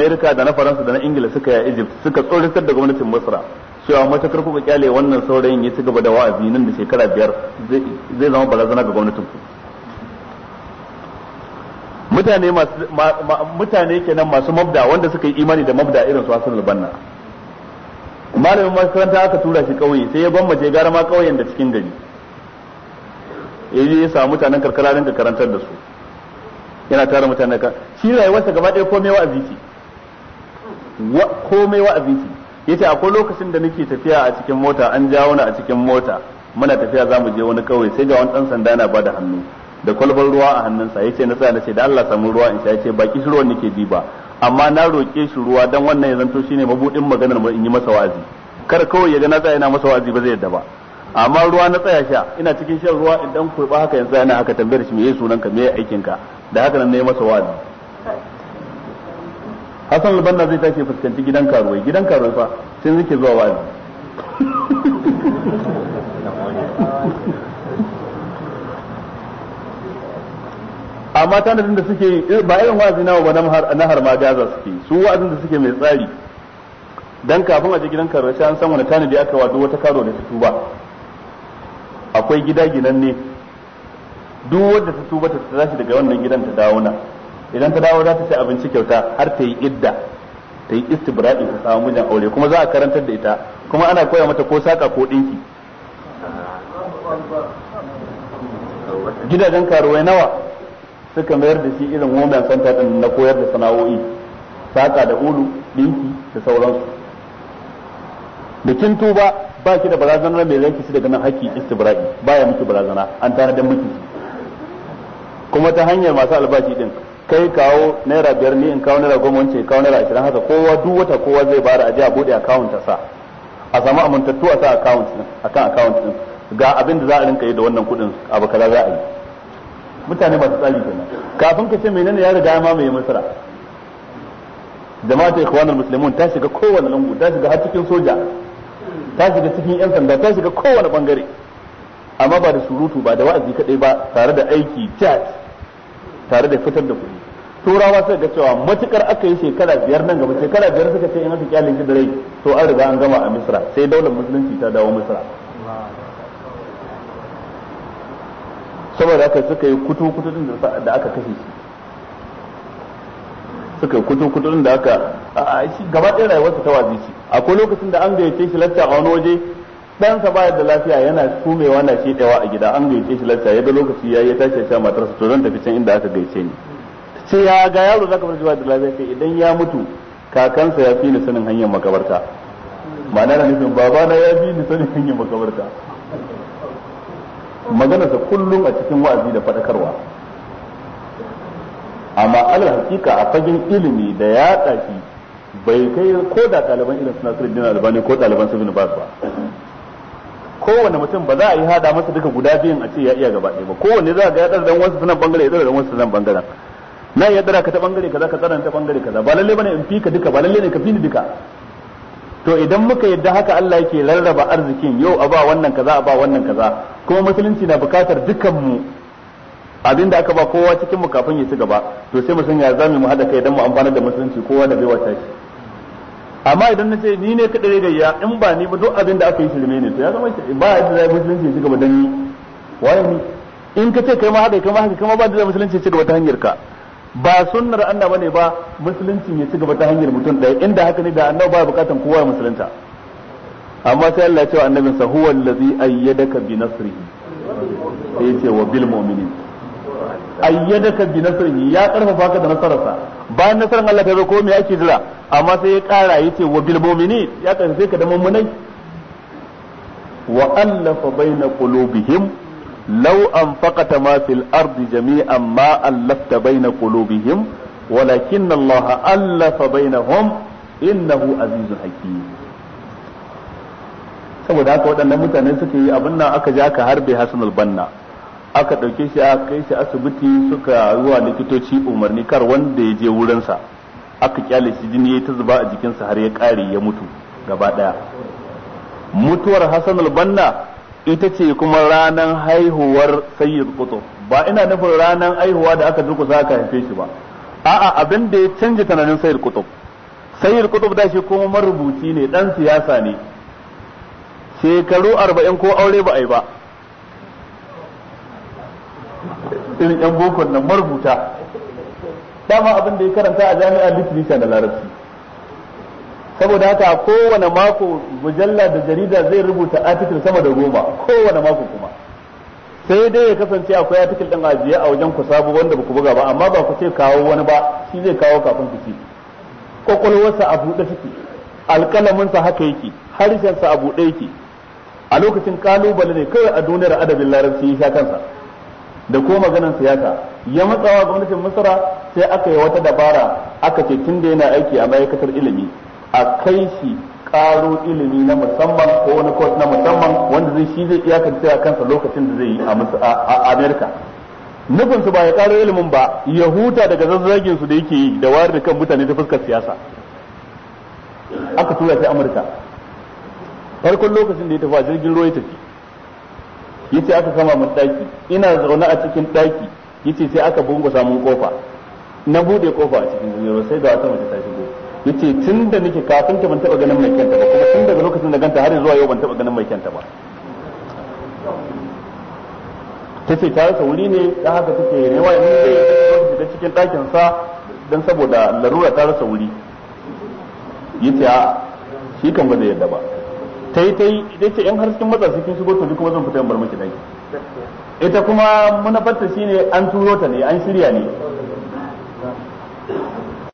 amerika da na faransa da na ingila suka yi egypt suka tsoratar da gwamnatin misra cewa matakar kuka kyale wannan saurayin ya ci gaba da wa'azi nan da shekara biyar zai zama barazana ga gwamnatin ku mutane masu mutane kenan masu mabda wanda suka yi imani da mabda irin su hasan banna malamin makaranta aka tura shi kauye sai ya je gara ma kauyen da cikin gari yaje ya samu mutanen karkara rinka karantar da su yana tara mutanen ka shi rayuwarsa gaba ɗaya komai wa'azi ce komai wa'azin shi yace akwai lokacin da nake tafiya a cikin mota an jawo wani a cikin mota muna tafiya zamu je wani kauye sai ga wani dan sanda yana bada hannu da kwalbar ruwa a hannunsa yace na tsaya nace da Allah samu ruwa in sha yace baki shi ruwan nake ji ba amma na roke shi ruwa dan wannan ya zanto shine mabudin maganar mu in yi masa wa'azi kar kawai ya ga na tsaya yana masa wa'azi ba zai yadda ba amma ruwa na tsaya sha ina cikin shan ruwa idan kurba haka yanzu yana aka tambayar shi me yayi sunanka me yayi aikin ka da haka nan ne masa wa'azi Hassan al-Banna zai tashi fuskanci gidan karuwai gidan karuwai fa sai suke zuwa wani. amma tanadin da suke ba irin wa'azi nawa ba na har ma gaza suke su wazin da suke mai tsari dan kafin a je gidan karuwai sai an san wani tanadi aka wado wata karo da ta tuba akwai gida ginan ne duk wanda ta tuba ta tashi daga wannan gidan ta dawo na idan ta dawo za ta ci abinci kyauta har ta yi idda ta yi istibra'i ta samu mijin aure kuma za a karantar da ita kuma ana koya mata ko saka ko dinki gidajen karuwai nawa suka mayar da shi irin women center din na koyar da sana'o'i saka da ulu dinki da sauransu da kin tuba ba ki da barazanar mai zaki shi daga nan haƙƙi istibra'i ya miki barazana an tanadar miki kuma ta hanyar masu albashi din kai kawo naira biyar ni in kawo naira goma wance kawo naira ashirin haka kowa duk wata kowa zai bari a je a bude akawunta sa a samu amintattu a sa akawunta a akan akawunta din ga abin da za a rinka yi da wannan kuɗin abu kaza za a yi mutane masu tsari kenan kafin ka ce menene ya riga ma mai misra jama'atul ikhwanul muslimun ta shiga kowane lungu ta shiga har cikin soja ta shiga cikin yan sanda ta shiga kowane bangare amma ba da surutu ba da wa'azi kadai ba tare da aiki chat tare da fitar da kuɗi turawa sai ga cewa matukar aka yi shekara biyar nan gaba shekara biyar suka ce in aka kyalin shi da rai to an riga an gama a misra sai daular musulunci ta dawo misra saboda haka suka yi kutu kutu da aka kashe shi suka yi kutu kutu da aka shi gaba ɗaya rayuwarsa ta wazi shi akwai lokacin da an gayyace shi lacca a wani waje ɗansa bayar da lafiya yana sumewa na shedewa a gida an gayyace shi lacca ya da lokaci ya yi tashi ya matarsa to zan tafi can inda aka gayyace ni ce ya ga yaro zaka bar zuwa ba da lafiya kai idan ya mutu kakansa ya fi ni sanin hanyar makabarta ma'ana na nufin babana ya fi ni sanin hanyar makabarta maganarsa kullum a cikin wa'azi da faɗakarwa amma alal hakika a fagen ilimi da ya shi bai kai ko da ɗaliban irin suna sirrin albani ko ɗaliban su bin ba kowane mutum ba za a yi hada masa duka guda biyun a ce ya iya gaba ɗaya ba kowane za a ga ya ɗan wasu sunan bangare ya ɗan wasu sunan bangaren na ya yaddara ka ta bangare kaza ka tsara ta bangare kaza ba lalle bane in fi ka duka ba lalle ne ka fi ni duka to idan muka yadda haka Allah yake rarraba arzikin yau a ba wannan kaza a ba wannan kaza kuma musulunci na bukatar dukan mu abinda aka ba kowa cikin mu kafin ya ci gaba to sai mu san ya zamu mu hada kai idan mu amfana da musulunci kowa da baiwa ta shi amma idan na ce ni ne ka dare gayya in ba ni ba duk abin da aka yi shirme ne to ya zama ba yadda zai musulunci ya ci gaba da ni waye ni in ka ce kai ma haka kai ma haka kai ma ba da musulunci ya ci gaba ta hanyar ka ba sunnar annaba ne ba musulunci ya ci gaba ta hanyar mutum ɗaya inda haka ne da annaba ba bukatan kowa ya musulunta amma sai Allah ya ce wa annabin sa huwa allazi ayyadaka bi nasrihi sai ya ce wa bil mu'minin ayyadaka bi nasrihi ya karfafa ka da nasararsa bayan nasarar Allah ta zo ko me yake jira amma sai ya kara ya ce wa bil mu'minin ya karfafe ka da mu'minai wa allafa baina qulubihim لو anfaqata ma fil ardi جميعا ما allafta baina قلوبهم ولكن الله allafa بينهم innahu عزيز حكيم saboda haka waɗannan mutane suka yi abin nan aka ja aka harbe Hassan al-Banna aka ɗauke shi aka kai shi asibiti suka zuwa likitoci umarni kar wanda ya je wurinsa aka kyale shi jini ta zuba a jikinsa har ya ƙare ya mutu gaba ɗaya mutuwar Hassan al-Banna ita ce kuma ranar haihuwar sayyid qutb ba ina nufin ranar haihuwa da aka durkusa aka haife shi ba a'a abin da ya canja tunanin sayyid qutb sayyid qutb da shi kuma marubuci ne dan siyasa ne shekaru arba'in ko aure ba a yi ba irin yan bokon nan marubuta dama abin da ya karanta a jami'ar literature da larabci saboda haka kowane mako mujalla da jarida zai rubuta artikel sama da goma kowane mako kuma sai dai ya kasance akwai artikel din ajiye a wajen ku sabu wanda ba ku buga ba amma ba ku ce kawo wani ba shi zai kawo kafin ku ci kwakwalwarsa a buɗe take alƙalaminsa haka yake harshensa a buɗe yake a lokacin kalubale ne kawai a duniyar adabin larabci ya sha kansa da ko maganar siyasa ya matsawa gwamnatin misra sai aka yi wata dabara aka ce tun da yana aiki a ma'aikatar ilimi a kai shi karo ilimi na musamman ko wani kwas na musamman wanda zai shi zai iyakance a kansa lokacin da zai yi a amerika nufin su ba ya karo ilimin ba ya huta daga zazzagin su da yake yi da wayar da kan mutane ta fuskar siyasa aka tura shi Amurka farkon lokacin da ya tafi a jirgin ruwa ya tafi ce aka kama mun daki ina zaune a cikin daki ya ce sai aka bungusa mun kofa na bude kofa a cikin jirgin ruwa sai da wata mace ta yace tun da nake kafin ta ban taba ganin mai kyanta ba kuma tun daga lokacin da ganta har zuwa yau ban taba ganin mai kyanta ba tace ta rasa wuri ne dan haka take rewa ne da cikin ɗakin sa dan saboda larura ta rasa wuri yace a shi kan ba zai yadda ba ta yi ta yi yace in har cikin matsa cikin shigo to kuma zan fita in bar miki dai ita kuma munafarta shine an turo ta ne an shirya ne